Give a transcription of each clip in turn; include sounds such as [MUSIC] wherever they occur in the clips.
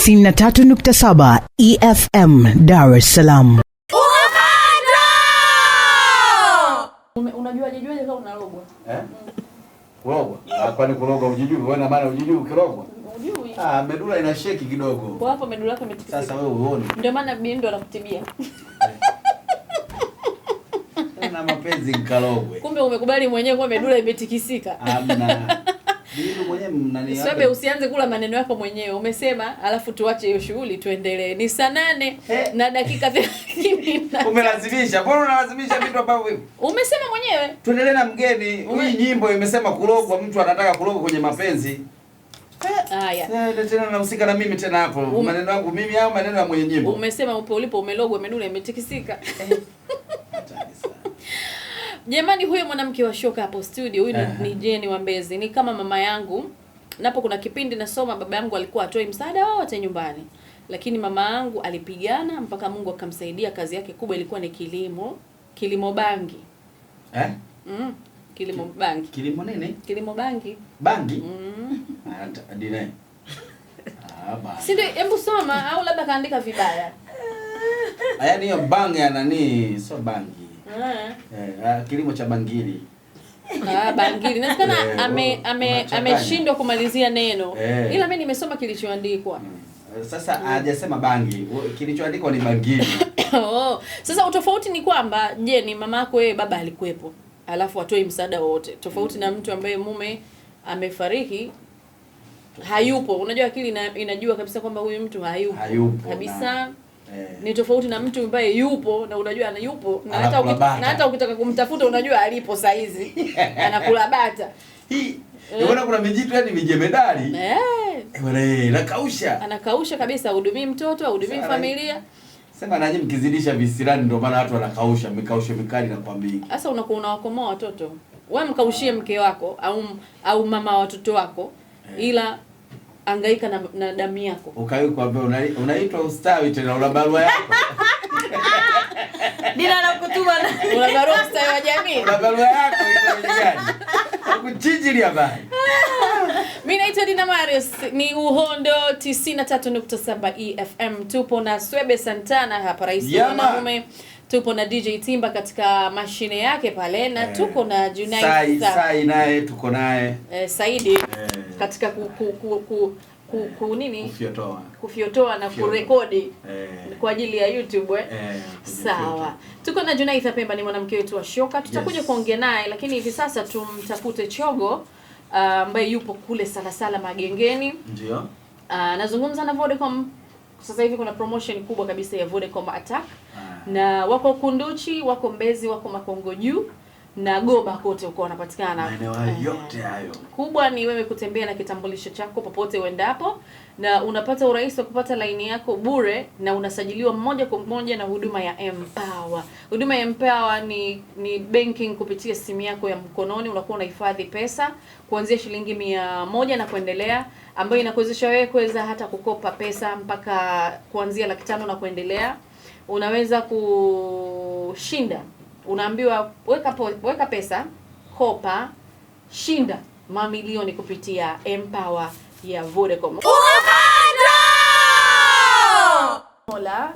93.7 EFM Dar es Salaam. Eh? Ah, kwani ujijui? Wewe na maana ujijui ukirogwa? Ujui. Ah, medula ina kidogo. Kwa hapo medula yako Sasa wewe uone. Ndio maana anakutibia. Eh. [LAUGHS] Na mapenzi Kumbe umekubali mwenyewe kwa medula imetikisika. Amna. Swabe, usianze kula maneno yako mwenyewe. Umesema alafu tuache hiyo shughuli tuendelee. Ni saa nane na dakika thelathini. Umelazimisha, mbona unalazimisha vitu ambavyo hivi? Umesema mwenyewe tuendelee na mgeni. Ume... nyimbo imesema kulogwa, mtu anataka kulogwa kwenye mapenzi Haya. Ah, tena nahusika na mimi tena hapo. Um, maneno yangu mimi au maneno ya mwenye nyimbo. Umesema upo ulipo umelogwa, umenuna, imetikisika. Eh. [LAUGHS] Jamani, huyo mwanamke wa shoka hapo studio huyu ni, ni Jeni wa Mbezi, ni kama mama yangu. Napo kuna kipindi nasoma, baba yangu alikuwa atoi msaada wote nyumbani, lakini mama yangu alipigana mpaka Mungu akamsaidia. Kazi yake kubwa ilikuwa ni kilimo, kilimo bangi eh? mm. Kilimo bangi, kilimo nini? Kilimo bangi, bangi mm. Ah, ah, si ndio? Hebu soma au labda kaandika vibaya. Yaani hiyo bangi ya nani? Sio bangi eh, ah, kilimo cha bangili Ah, bangili nasikana eh, ame- ame- ameshindwa kumalizia neno eh. Ila mimi nimesoma kilichoandikwa hmm. eh, Sasa hajasema bangi, kilichoandikwa ni bangili [COUGHS] oh. Sasa utofauti ni kwamba, je, ni mama yako baba alikuwepo, alafu atoi msaada wote. tofauti mm. na hmm. mtu ambaye mume amefariki hayupo. Unajua akili ina, inajua kabisa kwamba huyu mtu hayupo, hayupo kabisa na Eh. ni tofauti na mtu ambaye yupo na unajua na yupo na hata na hata ukitaka kumtafuta unajua alipo saa hizi [LAUGHS] anakula bata hii. Unaona eh. kuna mijitu yani mijemedari eh. eh, bwana eh, anakausha anakausha kabisa, hudumii mtoto hudumii familia. Sema nanyi mkizidisha visirani, ndio maana watu wanakausha mikausho mikali na kwa Sasa unakuwa unawakomoa watoto, wewe mkaushie mke wako au au mama watoto wako eh, ila angaika na, na damu yako. Ukawe kuambia unaitwa ustawi tena ulabarua yako. Bila [LAUGHS] na kutuma na [LAUGHS] una ustawi wa jamii. Una barua yako iko gani? Kuchijili habari. [LAUGHS] Mimi naitwa Dina Marius, ni Uhondo 93.7 EFM. Tupo na Swebe Santana hapa rais wa wanaume tupo na DJ Timba katika mashine yake pale na eh, tuko na Junai Sai, Sai naye tuko naye eh, Saidi eh, katika ku, ku, ku, ku, ku, ku nini kufiotoa, kufiotoa na kurekodi eh, kwa ajili ya YouTube eh, eh sawa. Tuko na Junaitha Pemba, ni mwanamke wetu wa shoka, tutakuja yes, kuongea naye, lakini hivi sasa tumtafute Chogo ah, ambaye uh, yupo kule Salasala Magengeni, ndio uh, ah, nazungumza na Vodacom sasa hivi kuna promotion kubwa kabisa ya Vodacom Attack ah na wako Kunduchi, wako Mbezi, wako Makongo juu na Goba, kote huko wanapatikana. Yote hayo kubwa ni wewe kutembea na kitambulisho chako popote uendapo, na unapata urahisi wa kupata laini yako bure, na unasajiliwa moja kwa moja na huduma ya Mpawa. Huduma ya Mpawa ni ni banking kupitia simu yako ya mkononi, unakuwa unahifadhi pesa kuanzia shilingi mia moja na kuendelea, ambayo inakuwezesha wewe kuweza hata kukopa pesa mpaka kuanzia laki tano na kuendelea unaweza kushinda. Unaambiwa weka po, weka pesa, kopa, shinda mamilioni kupitia Empower ya Vodacom. Mola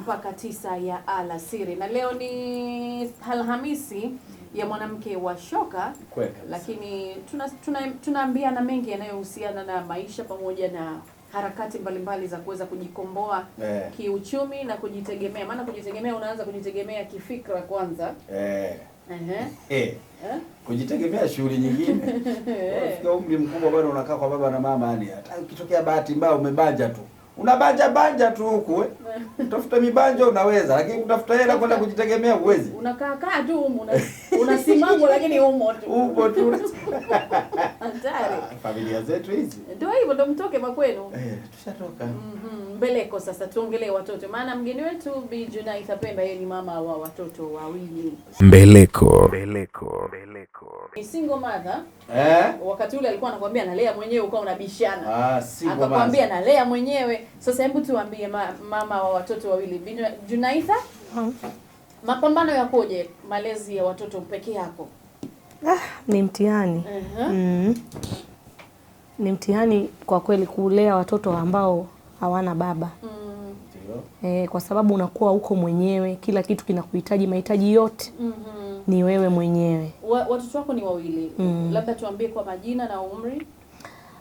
mpaka tisa ya alasiri, na leo ni Alhamisi ya mwanamke wa shoka Kweka, lakini tunaambia tuna, tuna na mengi yanayohusiana na maisha pamoja na harakati mbalimbali za kuweza kujikomboa eh, kiuchumi na kujitegemea. Maana kujitegemea unaanza kujitegemea kifikra kwanza eh. Eh. Eh. Eh. Kujitegemea shughuli nyingine [LAUGHS] unafika umri mkubwa bado unakaa kwa baba na mama, yani hata ukitokea bahati mbaya umebanja tu unabanja banja tu huku eh. [LAUGHS] Utafuta mibanja unaweza, lakini kutafuta hela kwenda kujitegemea uwezi, unakaa kaa tu huko unasimama lakini umo tu umo tu. Hatari ah, familia zetu hizi, ndio hivyo, ndio mtoke makwenu. Eh, tushatoka mbeleko. Mhm, sasa tuongelee watoto, maana mgeni wetu Bi Junaitha Pemba yeye ni mama wa watoto wawili mbeleko. Mbeleko, mbeleko ni single mother eh? Wakati ule alikuwa anakuambia nalea mwenyewe, ukawa unabishana, ah, akakwambia nalea mwenyewe. Sasa hebu tuambie ma, mama wa watoto wawili Bi Junaitha. Hmm. Mapambano yakoje malezi ya watoto peke yako? Ah, ni mtihani. uh -huh. mm. Ni mtihani kwa kweli kulea watoto ambao hawana baba. mm. E, kwa sababu unakuwa uko mwenyewe, kila kitu kinakuhitaji, mahitaji yote mm -hmm. ni wewe mwenyewe. Wa, watoto wako ni wawili. mm. Labda tuambie kwa majina na umri.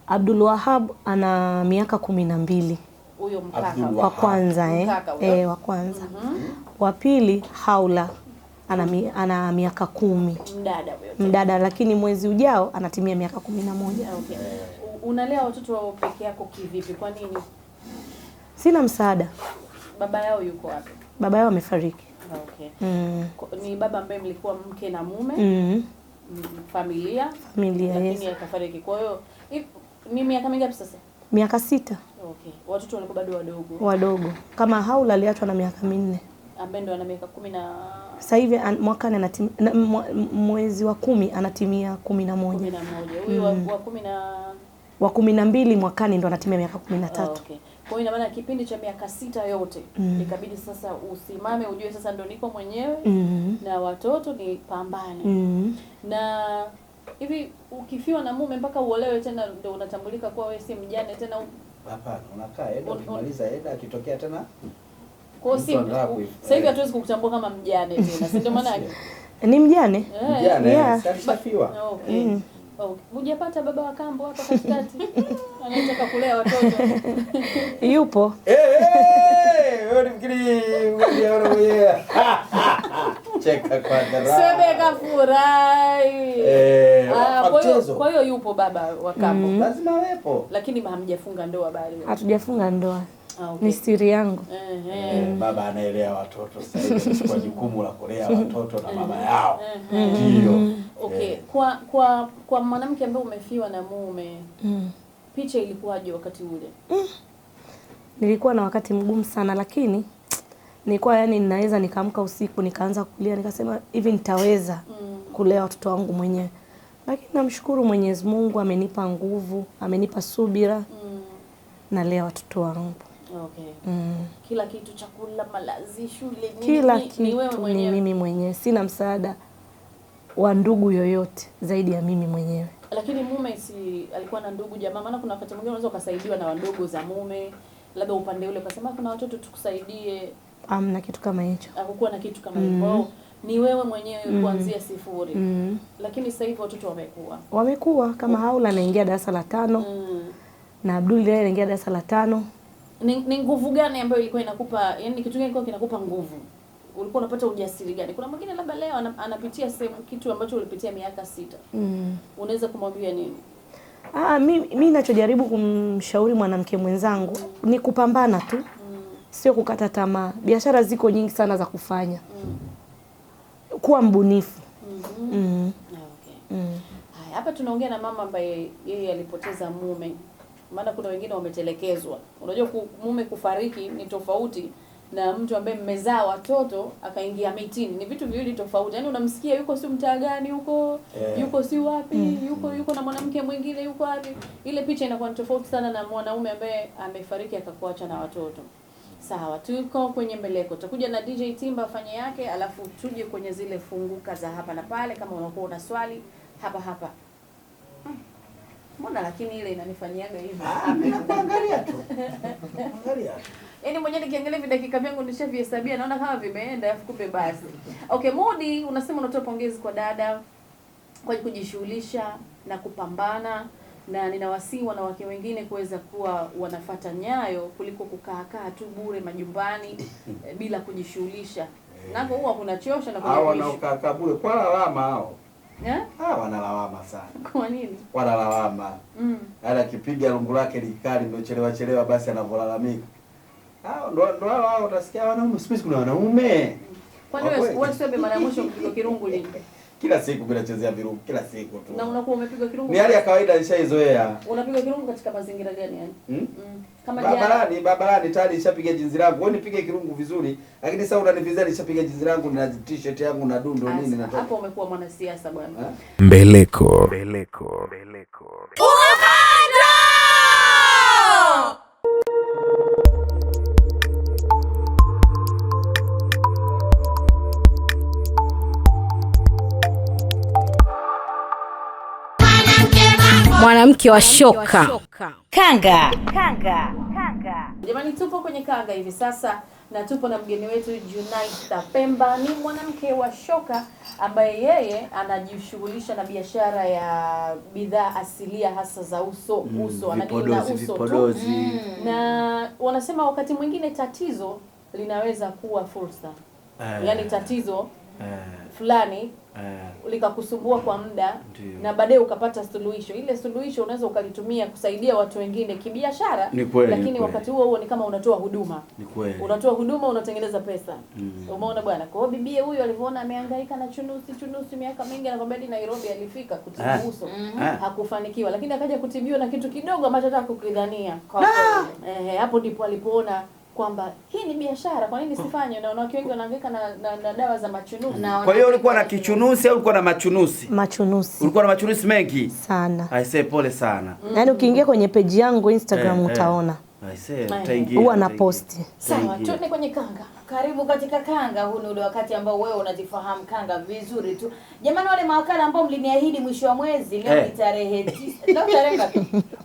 Abdul Wahab ana miaka kumi na mbili huyo mkaka wa kwanza eh, eh, wa kwanza mm -hmm. wa pili Haula ana, mi, ana miaka kumi mdada, mdada lakini mwezi ujao anatimia miaka kumi na moja. Ah, okay. Unalea watoto wao peke yako kivipi? Kwa nini? Sina msaada. Baba yao yuko wapi? Baba yao amefariki. Ah, okay. Mm. Ni baba ambaye mlikuwa mke na mume mm-hmm. mm. familia, familia, lakini yes. akafariki. Kwa hiyo ni miaka mingapi sasa? miaka sita. Okay. Watoto walikuwa bado wadogo. Wadogo. Kama Haula aliachwa na miaka minne. Ambaye ndo ana miaka kumi na sasa hivi mwaka na mwezi wa kumi anatimia kumi na moja. Kumi na moja. Huyu mm. wa kumi na wa kumi na mbili mwakani ndo anatimia miaka kumi na tatu. Okay. Kwa hiyo ina maana kipindi cha miaka sita yote mm. ikabidi sasa usimame ujue sasa ndo niko mwenyewe mm. na watoto ni pambane mm. na hivi ukifiwa na mume mpaka uolewe tena ndo unatambulika kuwa wewe si mjane tena Hapana, unakaa eda, ukimaliza eda akitokea tena sasa hivi eh. hatuwezi kukutambua kama mjane tena, si ndio maana yake? [LAUGHS] Ni mjane eh. eh. mm. hujapata baba wa kambo hapa katikati [LAUGHS] anataka kulea watoto [LAUGHS] yupo Cheka kwa Sebe sebeka furahi mchezo. Kwa hiyo yupo baba wa kambo. Mm. Lazima awepo. Lakini hamjafunga ndoa bali. Hatujafunga ndoa. Ah, okay. Ni siri yangu. Eh, eh. Mm. Baba anaelea watoto sasa kwa jukumu la kulea watoto na mama yao. Ndio. Mm. Okay. Eh. Kwa kwa kwa mwanamke ambaye umefiwa na mume. Mm. Picha ilikuwaje wakati ule? Mm. Nilikuwa na wakati mgumu sana lakini nilikuwa yani, ninaweza nikaamka usiku nikaanza kulia, nikasema hivi nitaweza mm. kulea watoto wangu mwenyewe lakini namshukuru Mwenyezi Mungu amenipa nguvu, amenipa subira mm. nalea watoto wangu okay. mm. kila kitu, chakula, malazi, shule, kila ni, kitu ni, ni mimi mwenyewe, sina msaada wa ndugu yoyote zaidi ya mimi mwenyewe. Lakini mume si alikuwa na ndugu jamaa? Maana kuna wakati mwingine unaweza ukasaidiwa na wandugu za mume, labda upande ule ukasema kuna watoto tukusaidie. Amna kitu kama hicho, hakukuwa na kitu kama hivyo mm ni wewe mwenyewe mm. kuanzia sifuri mm. Lakini sasa hivi watoto wamekuwa wamekuwa kama mm. Haula anaingia darasa la tano mm. na Abdul ndiye anaingia darasa la tano. Ni, ni nguvu gani ambayo ilikuwa inakupa, yani kitu gani kilikuwa kinakupa nguvu? Ulikuwa unapata ujasiri gani? Kuna mwingine labda leo anapitia sehemu kitu ambacho ulipitia miaka sita mm. unaweza kumwambia nini? Ah, mimi ninachojaribu kumshauri mwanamke mwenzangu mm. ni kupambana tu mm. sio kukata tamaa. Biashara ziko nyingi sana za kufanya mm kuwa mbunifu. Mm-hmm. mm -hmm. mm -hmm. Okay. mm -hmm. Hapa tunaongea na mama ambaye yeye alipoteza mume, maana kuna wengine wametelekezwa. Unajua mume kufariki ni tofauti na mtu ambaye mmezaa watoto akaingia mitini, ni vitu viwili tofauti. Yaani unamsikia yuko si mtaa gani huko yeah. yuko si wapi mm. yuko yuko na mwanamke mwingine yuko wapi, ile picha inakuwa ni tofauti sana na mwanaume ambaye amefariki akakuacha na watoto. Sawa, tuko kwenye mbeleko. Utakuja na DJ Timba afanye yake, alafu tuje kwenye zile funguka za hapa na pale, kama unakuwa una swali hapa hapa. Hmm. Mbona lakini ile inanifanyiaga hivyo. Ah, Angalia tu. Angalia. Yaani mwenyewe nikiangalia vidakika dakika vyangu nishavihesabia naona kama vimeenda afu kumbe basi. Okay, Mudi unasema unatoa pongezi kwa dada kwa kujishughulisha na kupambana na ninawasihi wanawake wengine kuweza kuwa wanafata nyayo kuliko kukaakaa tu bure majumbani eh, bila kujishughulisha nako huwa kunachosha na hao wanaokaa bure kwa lalama hao ha, eh? wanalawama sana. Kwa nini wanalawama? mm. Hata yaani akipiga rungu lake likali ndio chelewa chelewa, basi anavyolalamika hao ndio hao. Utasikia wanaume siku hizi kuna wanaume, kwani wewe wewe, mara ya mwisho kupigwa kirungu lini? [LAUGHS] kila siku bila chezea virungu kila siku tu. Na unakuwa umepiga kirungu. Ni hali ya kawaida nishaizoea. Unapiga kirungu katika mazingira gani yani? Hmm? Mm. Kama barabarani, barabarani tayari nishapiga jinzi langu. Wewe nipige kirungu vizuri, lakini sasa unanivizia nishapiga jinzi langu na t-shirt yangu na dundo nini na hapo umekuwa mwanasiasa bwana. Mbeleko. Mbeleko. Mbeleko. Mbeleko. mwanamke wa shoka kanga. Kanga. Kanga. Jamani, tupo kwenye kanga hivi sasa na tupo na mgeni wetu Junaitha Pemba. Ni mwanamke wa shoka ambaye yeye anajishughulisha na biashara ya bidhaa asilia hasa za uso mm, uso anageuza uso tu mm. na wanasema wakati mwingine tatizo linaweza kuwa fursa eh, yaani tatizo eh, fulani uh, likakusumbua kwa muda na baadaye ukapata suluhisho. Ile suluhisho unaweza ukalitumia kusaidia watu wengine kibiashara, lakini wakati huo huo ni kama unatoa huduma, unatoa huduma, unatengeneza pesa mm. Umeona bwana. Kwa hiyo bibie huyu alivyoona amehangaika na chunusi chunusi miaka mingi, anakwambia hadi Nairobi alifika kutibu ah. uso mm -hmm. hakufanikiwa, lakini akaja kutibiwa na kitu kidogo ambacho hata kukidhania. Kwa ah! hapo ndipo alipoona kwamba hii ni biashara, kwa nini sifanye? Na wanawake wengi wanahangaika na, na, na dawa za machunuzi. Kwa hiyo ulikuwa na kichunusi au ulikuwa na machunusi machunusi Ulikuwa na machunusi mengi sana. Aisee, pole sana. Yaani ukiingia kwenye peji yangu Instagram eh, eh. utaona eh huwa na posti sawa. Tuende kwenye kanga. Karibu katika kanga. Huu ni ule wakati ambao wewe unajifahamu kanga vizuri tu. Jamani, wale mawakala ambao mliniahidi mwisho wa mwezi, leo ni eh. tarehe tisa, tarehe ngapi?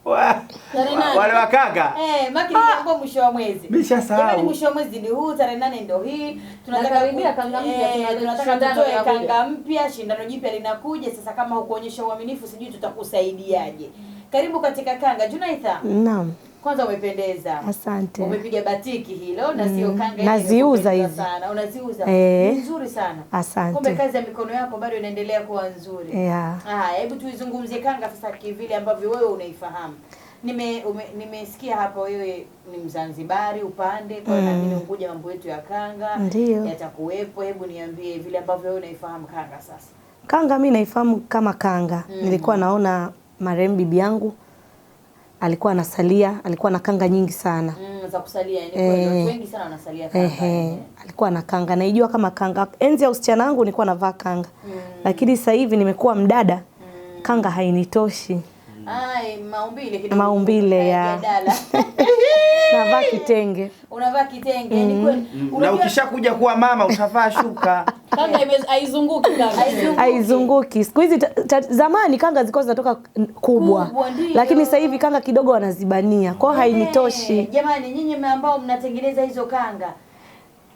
[LAUGHS] wale wa kanga eh, maki ah. ambao mwisho wa mwezi nimeshasahau. Jamani, mwisho wa mwezi ni huu, tarehe nane ndo hii. Tunakaribia kanga mpya, eh, tunataka tutoe kanga mpya, shindano jipya linakuja sasa. Kama hukuonyesha uaminifu, sijui tutakusaidiaje. Karibu katika kanga, Junaitha. Naam. Kwanza umependeza. Asante. Umepiga batiki hilo na mm, sio kanga. Naziuza hizi. Sana. Unaziuza. Eh. Nzuri sana. Asante. Kumbe kazi ya mikono yako bado inaendelea kuwa nzuri. Yeah. Ah, hebu tuizungumzie kanga sasa kivile ambavyo wewe unaifahamu. Nime ume, nimesikia hapa wewe ni Mzanzibari upande kwa mm. Nini Unguja mambo yetu ya kanga yatakuwepo. Hebu niambie vile ambavyo wewe unaifahamu kanga sasa. Kanga mi naifahamu kama kanga. Mm. Nilikuwa naona marehemu bibi yangu alikuwa anasalia, alikuwa na kanga nyingi sana mm, za kusalia, eh, wengi sana wanasalia kanga eh, eh, alikuwa na kanga, naijua kama kanga. Enzi ya usichana wangu nilikuwa navaa kanga mm. Lakini sasa hivi nimekuwa mdada mm. kanga hainitoshi. Ai, maumbile kidogo. Maumbile ya. Unavaa [LAUGHS] kitenge. Unavaa kitenge. Mm. Ni kweli. Mm. Na ukishakuja kuwa mama utavaa shuka. [LAUGHS] Kanga haizunguki kanga. Haizunguki. Siku hizi zamani kanga zilikuwa zinatoka kubwa. Kubwa ndiyo. Lakini sasa hivi kanga kidogo wanazibania. Kwa hiyo eh, hainitoshi. Jamani, nyinyi ambao mnatengeneza hizo kanga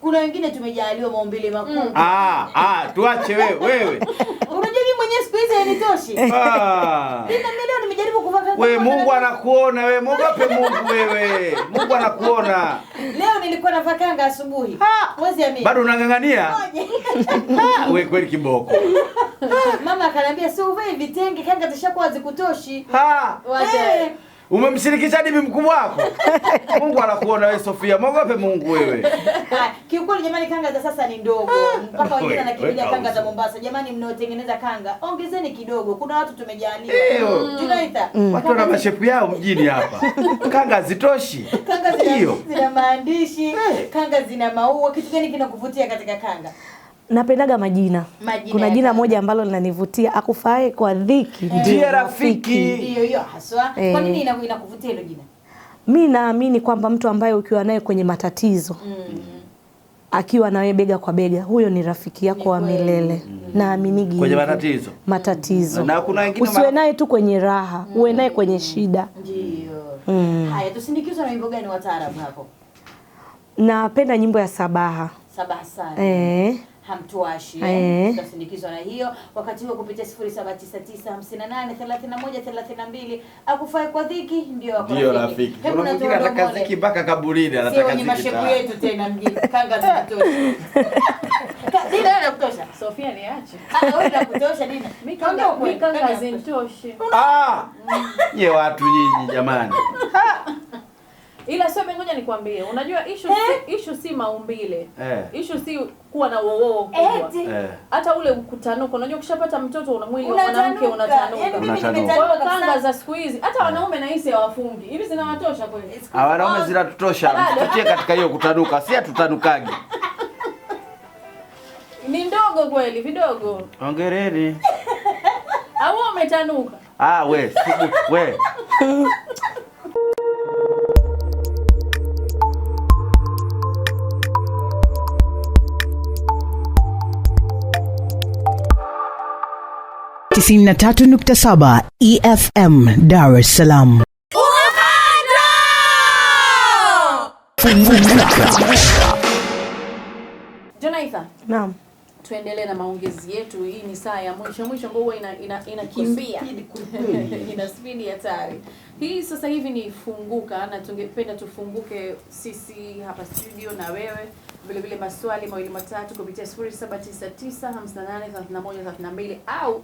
kuna wengine tumejaliwa maumbile makubwa. Mm. Ah, ah, tuache wewe wewe. [LAUGHS] Unajua mimi mwenyewe siku hizi hainitoshi. Ah. Ndio nimejaribu kuvaa. Wewe Mungu anakuona wewe, Mungu ape Mungu wewe. Mungu anakuona. Leo nilikuwa navaa kanga asubuhi. Mwezi mimi. Bado unang'ang'ania? Wewe [LAUGHS] kweli kiboko. Mama akaniambia si uvae vitenge, kanga zishakuwa zikutoshi. Ah. Wacha. Eh. Umemshirikisha bibi mkubwa wako? [LAUGHS] Mungu anakuona wewe Sofia. Mwogope Mungu wewe. Kiukweli jamani kanga za sasa ni ndogo. Ah! Mpaka wengine anakimbilia kanga za Mombasa. Jamani mnaotengeneza kanga, ongezeni kidogo. Kuna watu tumejaliwa. Tunaita. Mm. Mm. Watu wana mashepu yao mjini hapa. [LAUGHS] Kanga zitoshi. Kanga zina maandishi, eh. kanga zina maua. Kitu gani kinakuvutia katika kanga? Napendaga majina. Majina. Kuna jina moja ambalo linanivutia, akufae kwa dhiki ndiye rafiki. Hiyo hiyo haswa. Kwa eh. nini inakuvutia hilo jina? Mi naamini kwamba mtu ambaye ukiwa naye kwenye matatizo mm -hmm. akiwa nawe bega kwa bega, huyo ni rafiki yako wa milele mm naamini Naaminigi kwenye matatizo, matatizo. Na kuna wengine usiwe naye tu kwenye raha mm uwe naye kwenye shida. ndio. Mm. Haya, tusindikizwe na wimbo gani wa taarabu hapo? Napenda nyimbo ya Sabaha. Sabaha sana. Eh hamtuashi eh? eh. tutasindikizwa na hiyo. Wakati huo kupitia 0799583132 akufai kwa dhiki ndio ndio rafiki. Hebu nataka dhiki mpaka kaburini, anataka dhiki ni mashepu yetu tena mjini kanga za zinatosha [LAUGHS] dina ana kutosha. Sofia ni niache ah, ah, wewe na kutosha dina Mikanga, mikanga kweli zinitoshe. Ah, ye watu nyinyi jamani Ila sio ngoja nikwambie, unajua issue eh, issue si maumbile eh, issue si kuwa na wowowo eh. hata ule mkutanuko. Unajua ukishapata mtoto una mwili wa mwanamke unatanuka. Yaani Kwa kanga za siku hizi hata eh. wanaume nahisi hawafungi hivi, zinawatosha kweli? Ah, wanaume zinatutosha, tutie katika hiyo kutanuka, si hatutanukaji [LAUGHS] ni ndogo kweli, vidogo. Ongereni au umetanuka? Ah, we we [LAUGHS] 93.7 EFM Dar es Salaam. Jonaitha. Naam. Tuendelee na maongezi yetu. Hii ni saa ya mwisho mwisho ambayo huwa inakimbia ina spidi [LAUGHS] hatari. Hii sasa hivi ni funguka, na tungependa tufunguke sisi hapa studio na wewe vilevile, maswali mawili matatu kupitia 0799583132 au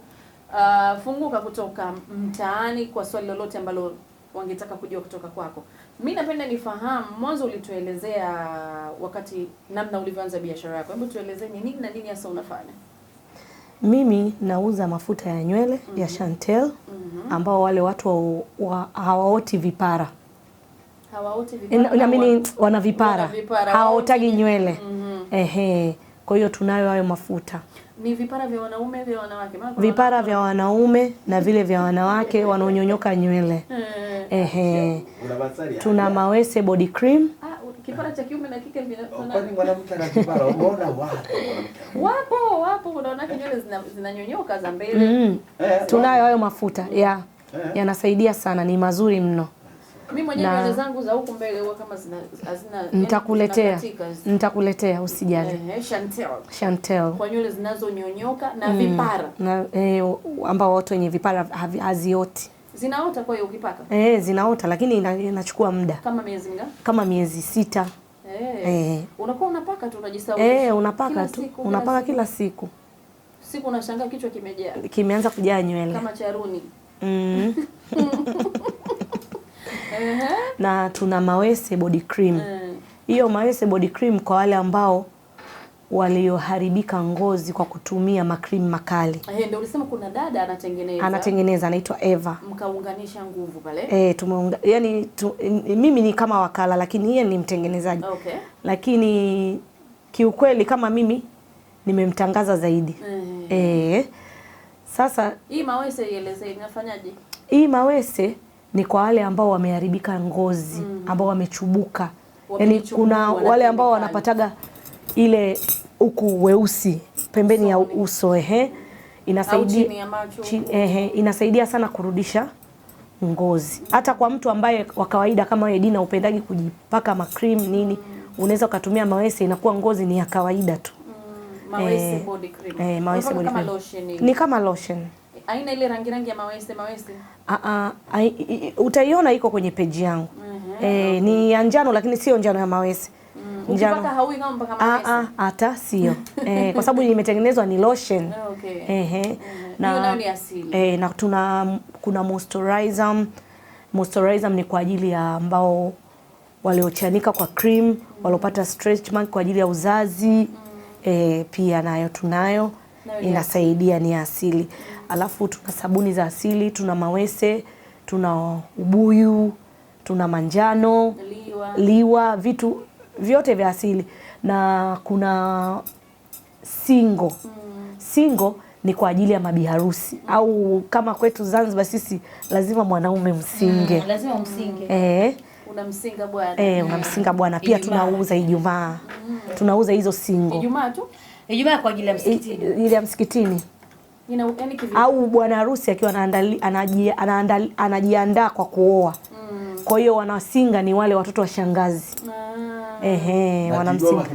uh, funguka kutoka mtaani kwa swali lolote ambalo wangetaka kujua kutoka kwako. Mimi napenda nifahamu, mwanzo ulituelezea wakati namna ulivyoanza biashara yako. Hebu tuelezee ni nini na nini hasa unafanya? Mimi nauza mafuta ya nywele mm -hmm. ya mhm. Chantel mm -hmm. ambao wale watu hawaoti vipara hawaoti vipara, wana vipara, hawaotagi nywele mm -hmm. Ehe, kwa hiyo tunayo hayo mafuta ni vipara vya wanaume vya wanawake, vipara vya wanaume na vile vya wanawake [LAUGHS] wanaonyonyoka nywele. Eh. Ehe, tuna mawese body cream. ah, Kipara cha kiume na kike vina oh, kuna wapo wapo, kuna wanawake nywele zinanyonyoka za mbele. Mm. Eh, Tunayo hayo mafuta ya eh. yanasaidia sana, ni mazuri mno. Mimi mwenyewe nywele zangu za huku mbele huwa kama zina hazina nitakuletea nitakuletea usijali. Eh, Chantel. Chantel. Kwa nywele zinazonyonyoka na mm, vipara. Na eh, ambao watu wenye vipara hazioti. Zinaota kwa hiyo ukipaka? Eh, zinaota lakini inachukua muda. Kama miezi mingapi? Kama miezi sita. Eh. Eh. Unakuwa unapaka tu unajisahau. Eh, unapaka tu. Unapaka kila siku. Siku unashangaa kichwa kimejaa. Kimeanza kujaa nywele. Kama charuni. Mm. [LAUGHS] Uh-huh. na tuna mawese body cream. Uh. Hiyo mm. mawese body cream kwa wale ambao walioharibika ngozi kwa kutumia makrimu makali. Ehe, ndio ulisema kuna dada anatengeneza. Anatengeneza anaitwa Eva. Mkaunganisha nguvu pale. Eh, tumeunga yani tu, eh, mimi ni kama wakala lakini yeye ni mtengenezaji. Okay. Lakini kiukweli kama mimi nimemtangaza zaidi. Eh. eh. Sasa hii mawese ielezee inafanyaje? Hii mawese ni kwa wale ambao wameharibika ngozi, mm. ambao wamechubuka, yaani kuna wale ambao wanapataga ile huku weusi pembeni ya uso ehe, inasaidia ehe, inasaidia sana kurudisha ngozi. Hata kwa mtu ambaye wa kawaida kama wewe Dina upendagi kujipaka ma cream nini, mm. unaweza ukatumia mawese, inakuwa ngozi ni ya kawaida tu. Mm, mawese eh, body cream eh, ni kama lotion aina ile rangi rangi ya mawese mawese. Ah ah, utaiona iko kwenye peji yangu. uh -huh, e, okay. ni ya njano lakini sio njano ya mawese. Mm, Ukipaka haui ngao mpaka mawese. Ah ah, hata sio. Eh, kwa sababu limetengenezwa ni lotion. [LAUGHS] Okay. e, Ehe. Na ni asili. E, na tuna kuna moisturizer. Moisturizer ni kwa ajili ya ambao waliochanika kwa cream, mm. waliopata stretch mark kwa ajili ya uzazi. Mm. E, pia nayo tunayo inasaidia ni asili. mm alafu tuna sabuni za asili, tuna mawese, tuna ubuyu, tuna manjano liwa, liwa vitu vyote vya asili na kuna singo mm. Singo ni kwa ajili ya mabiharusi mm. au kama kwetu Zanzibar sisi lazima mwanaume msinge mm, lazima msinge eh, unamsinga bwana eh, unamsinga bwana pia Ijumaa. Tunauza Ijumaa mm. tunauza hizo singo Ijumaa tu Ijumaa kwa ajili ya msikitini, ili ya msikitini au bwana harusi akiwa anajiandaa kwa kuoa mm. Kwa hiyo wanasinga ni wale watoto wa shangazi ah. Ehe, wanamsinga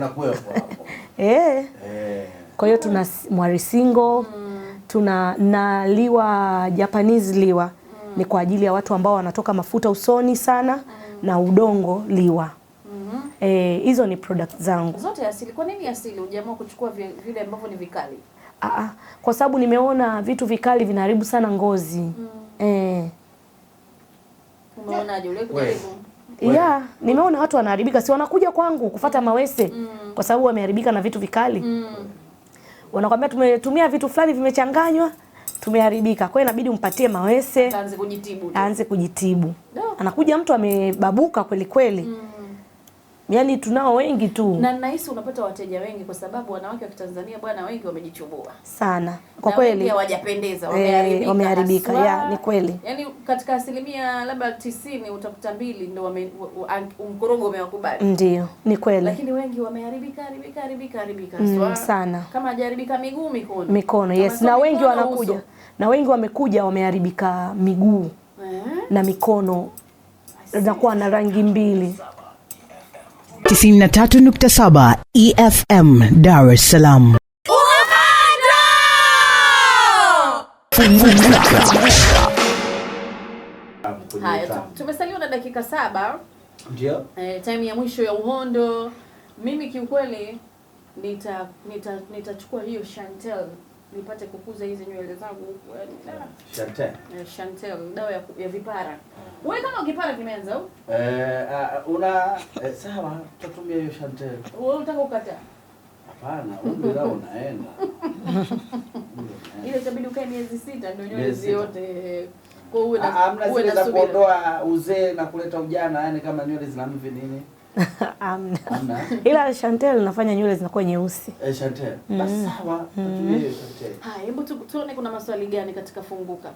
e. [LAUGHS] Kwa hiyo tuna mwarisingo mm. tuna na liwa Japanese liwa mm. ni kwa ajili ya watu ambao wanatoka mafuta usoni sana mm. na udongo liwa mm-hmm. eh, hizo mm -hmm. e, ni product zangu zote asili. Kwa nini asili? Ujamaa kuchukua vile ambavyo ni vikali Ah, ah, kwa sababu nimeona vitu vikali vinaharibu sana ngozi mm. Eh. Yeah, nimeona watu wanaharibika, si wanakuja kwangu kufata mm. mawese mm. kwa sababu wameharibika na vitu vikali mm. Wanakwambia tumetumia vitu fulani vimechanganywa, tumeharibika, kwa hiyo inabidi umpatie mawese aanze kujitibu, aanze kujitibu. No. Anakuja mtu amebabuka kweli kweli mm yaani tunao wengi tu, na nahisi unapata wateja wengi kwa sababu wanawake wa Kitanzania bwana, wengi wamejichubua sana kwa kweli, hawajapendeza, wameharibika, eh, wameharibika. Ya, ni kweli, yaani katika asilimia labda tisini utakuta mbili ndio wame mkorogo umewakubali, ndio ni kweli, lakini wengi wameharibika, haribika, haribika, haribika mm, sana kama hajaribika miguu, mikono, mikono yes, na wengi wanakuja uso. na wengi wamekuja wameharibika miguu eh, na mikono, nakuwa na rangi mbili 93.7 EFM Dar es Salaam. tumesaliwa na dakika saba. Ndio. Eh, time ya mwisho ya uhondo. Mimi kiukweli nita nitachukua nita hiyo Chantel nipate kukuza hizi nywele zangu huku. yani. Chantel. Chantel, eh, dawa ya, ya vipara. Wewe kama ukipara vimeanza au? Eh, uh, una eh, sawa, tutatumia hiyo Chantel. Wewe unataka ukata? Hapana, umri lao unaenda. [LAUGHS] Ile itabidi ukae miezi sita ndio nywele ziote eh, kwa uwe na ah, uwe na kuondoa uzee na kuleta ujana, yani kama nywele zina mvi nini? [LAUGHS] Amna. Amna. Ila Chantel nafanya nywele zinakuwa nyeusi. Eh, Chantel. Mm. Basi sawa, tutumie mm. Chantel. Hai, ah, hebu tu tuone kuna maswali gani katika funguka.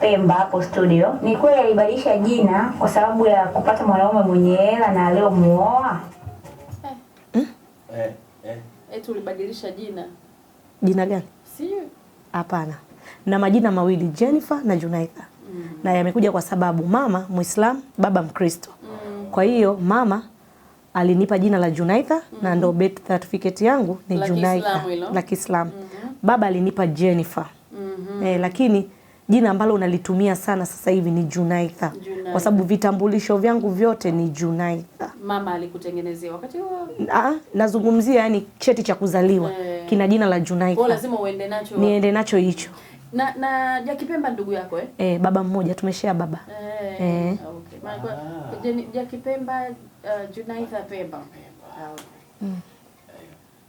Pemba hapo studio. Ni kweli alibadilisha jina kwa sababu ya kupata mwanaume mwenye hela na aliyomuoa? Eh. Hmm? Eh. Eh. Eti ulibadilisha jina. Jina gani? Sio. Hapana. Na majina mawili Jennifer na Junaitha na yamekuja kwa sababu mama Muislamu, baba Mkristo kwa hiyo mama alinipa jina la Junaitha na ndo birth certificate yangu ni Junaitha la Kiislamu mhm. baba alinipa Jennifer mhm. eh, lakini jina ambalo unalitumia sana sasa hivi ni Junaitha, Junaitha. Kwa sababu vitambulisho vyangu vyote ni Junaitha. Mama alikutengenezea wakati huo? Ah, ah, nazungumzia yani cheti cha kuzaliwa hey. Eh. Kina jina la Junaitha. Lazima uende nacho. Niende nacho hicho na na Jackie Pemba ndugu yako eh? Eh, baba mmoja tumeshare baba. Eh. eh. Ah, okay. ah. Jackie Pemba uh, Junaitha Pemba. Ah. Mm.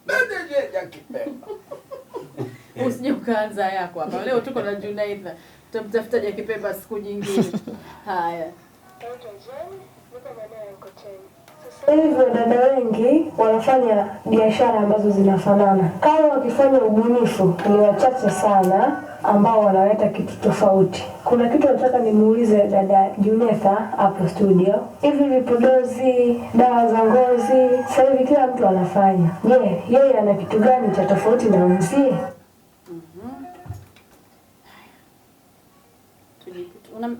Pemba. [LAUGHS] Usije ukaanza yako hapa. Leo tuko na Junaitha. Tutamtafuta Jackie Pemba siku nyingine. [LAUGHS] Haya. Hivi dada wengi wanafanya biashara ambazo zinafanana. Kama wakifanya ubunifu ni wachache sana ambao wanaleta kitu tofauti. Kuna kitu nataka nimuulize dada Junetha hapo studio, hivi vipodozi, dawa za ngozi, sasa hivi kila mtu anafanya. Je, yeye ana kitu gani cha tofauti na mzie? Mm-hmm.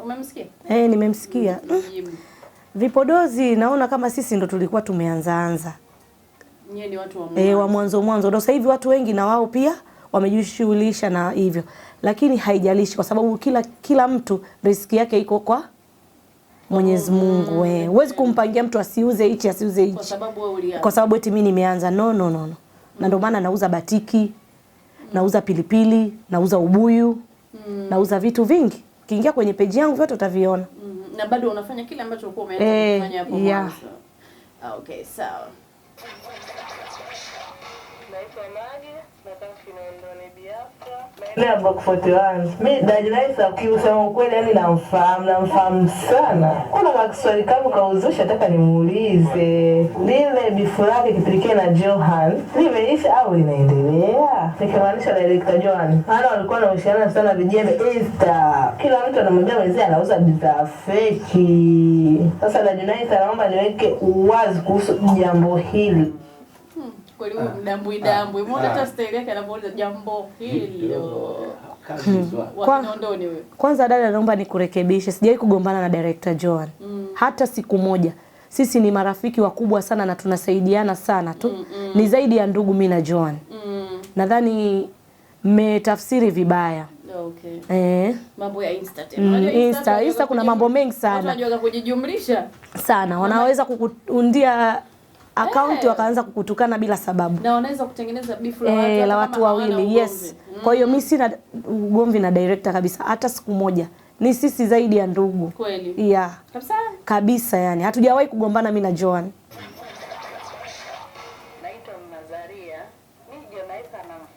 Umemsikia? Eh, nimemsikia. Mm-hmm. Vipodozi naona kama sisi ndo tulikuwa tumeanzaanza. ni watu wa mwanzo. Eh, wa mwanzo mwanzo. sasa hivi watu wengi na wao pia wamejishughulisha na hivyo, lakini haijalishi, kwa sababu kila kila mtu riziki yake iko kwa Mwenyezi oh, Mungu. Wewe eh, huwezi kumpangia mtu asiuze hichi asiuze hichi, kwa sababu wewe ulianza, kwa sababu eti mimi nimeanza. No, no, no, no. Na ndio maana nauza batiki, mm. nauza pilipili, nauza ubuyu, mm. nauza vitu vingi. Ukiingia kwenye peji yangu vyote utaviona. Mm. Na bado unafanya kile ambacho ulikuwa umeanza eh, kufanya hapo mwanzo. Ah, okay, sawa. Naendelea block 41. Mimi Dajlaisa kiusema ukweli yani namfahamu, namfahamu sana. Kuna kaswali kama kauzusha taka nimuulize. Lile bifu lake kipilikie na Johan, limeisha au inaendelea? Nikimaanisha director Johan. Maana walikuwa wanahusiana sana vijembe Easter. Kila mtu anamwambia mzee anauza bidhaa feki. Sasa Dajlaisa naomba niweke uwazi kuhusu jambo hili. Ah. mdambwi dambwi ah. mbona hata ah. yake jambo hilo. Kwanza dada, naomba nikurekebishe, sijawahi kugombana na director Joan mm. hata siku moja. Sisi ni marafiki wakubwa sana na tunasaidiana sana tu mm -mm. ni zaidi ya ndugu mi na Joan mm. nadhani mmetafsiri vibaya. Okay. eh. Mambo ya Insta tena. Mm, Insta, Insta, Insta kuna mambo mengi sana. Sana. Wanaweza kukuundia akaunti hey. Eh. Wakaanza kukutukana bila sababu na wanaweza kutengeneza bifu eh, la watu, e, la watu wawili yes mm. Kwa hiyo mi sina ugomvi na director kabisa hata siku moja, ni sisi zaidi ya ndugu kweli yeah. Kabisa kabisa, yani hatujawahi kugombana mi na Joan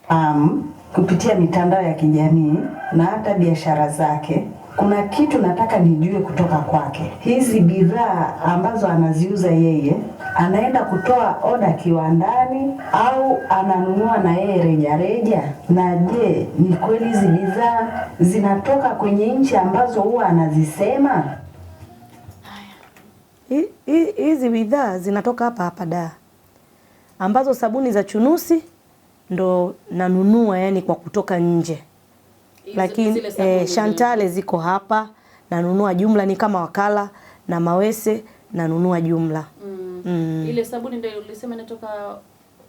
um, kupitia mitandao ya kijamii na hata biashara zake kuna kitu nataka nijue kutoka kwake. Hizi bidhaa ambazo anaziuza yeye, anaenda kutoa oda kiwandani au ananunua na yeye rejareja? Na je, ni kweli hizi bidhaa zinatoka kwenye nchi ambazo huwa anazisema? Hizi bidhaa zinatoka hapa hapa da, ambazo sabuni za chunusi ndo nanunua, yani kwa kutoka nje lakini e, Shantale eh, ziko hapa, nanunua jumla, ni kama wakala na Mawese nanunua jumla mm. Mm. Ile sabuni ndio ulisema inatoka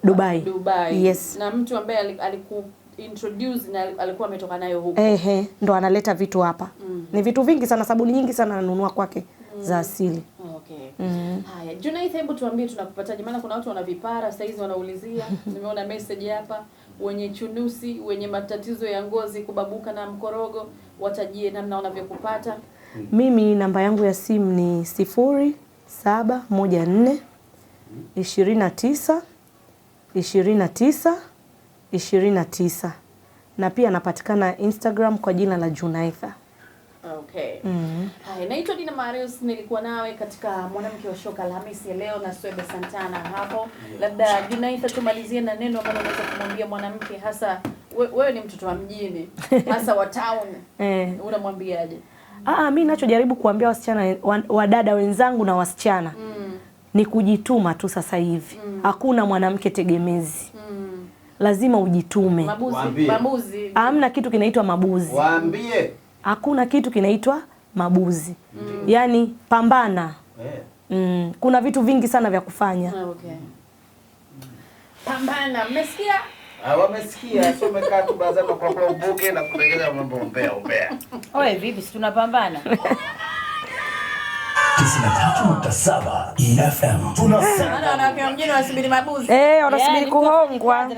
Dubai. Dubai. Yes. Na mtu ambaye aliku introduce na alikuwa ametoka nayo huko. Ehe, ndo analeta vitu hapa mm -hmm. Ni vitu vingi sana, sabuni nyingi sana nanunua kwake mm -hmm. za asili. Okay. Mm -hmm. Haya, Junaith, hebu tuambie tunakupataje, maana kuna watu wana vipara hizi wanaulizia [LAUGHS] nimeona message hapa wenye chunusi, wenye matatizo ya ngozi, kubabuka na mkorogo, watajie namna wanavyokupata. Mimi namba yangu ya simu ni sifuri saba moja nne ishirini na tisa ishirini na tisa ishirini na tisa na pia anapatikana Instagram kwa jina la Junaitha. Okay. Mm. Mm-hmm. Hai, naitwa Dina Marius, nilikuwa nawe katika mwanamke wa shoka Alhamisi ya leo na Swebe Santana hapo. Labda Dina ita tumalizie na neno ambalo unaweza kumwambia mwanamke hasa we, wewe ni mtoto wa mjini [LAUGHS] hasa wa town. Eh. Unamwambiaje? Ah, mimi ninachojaribu kuambia wasichana wadada wenzangu na wasichana mm. ni kujituma tu sasa hivi. Mm. Hakuna mwanamke tegemezi. Mm. Lazima ujitume. Mabuzi, mabuzi. Hamna kitu kinaitwa mabuzi. Waambie hakuna kitu kinaitwa mabuzi mm. Yaani pambana yeah. mm. Kuna vitu vingi sana vya kufanya ah, okay. Pambana, mmesikia? Ah, wamesikia sio, umekaa tu barazani kwa kwa ubuge na kutengeneza mambo mbea mbea. Oe, vipi si tunapambana? 93.7 e FM. Tunasema wanawake wengine wasubiri mabuzi. Eh, wanasubiri yaani kuhongwa.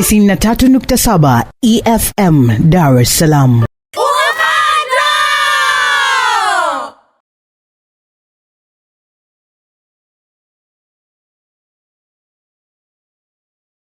93.7 EFM Dar es Salaam.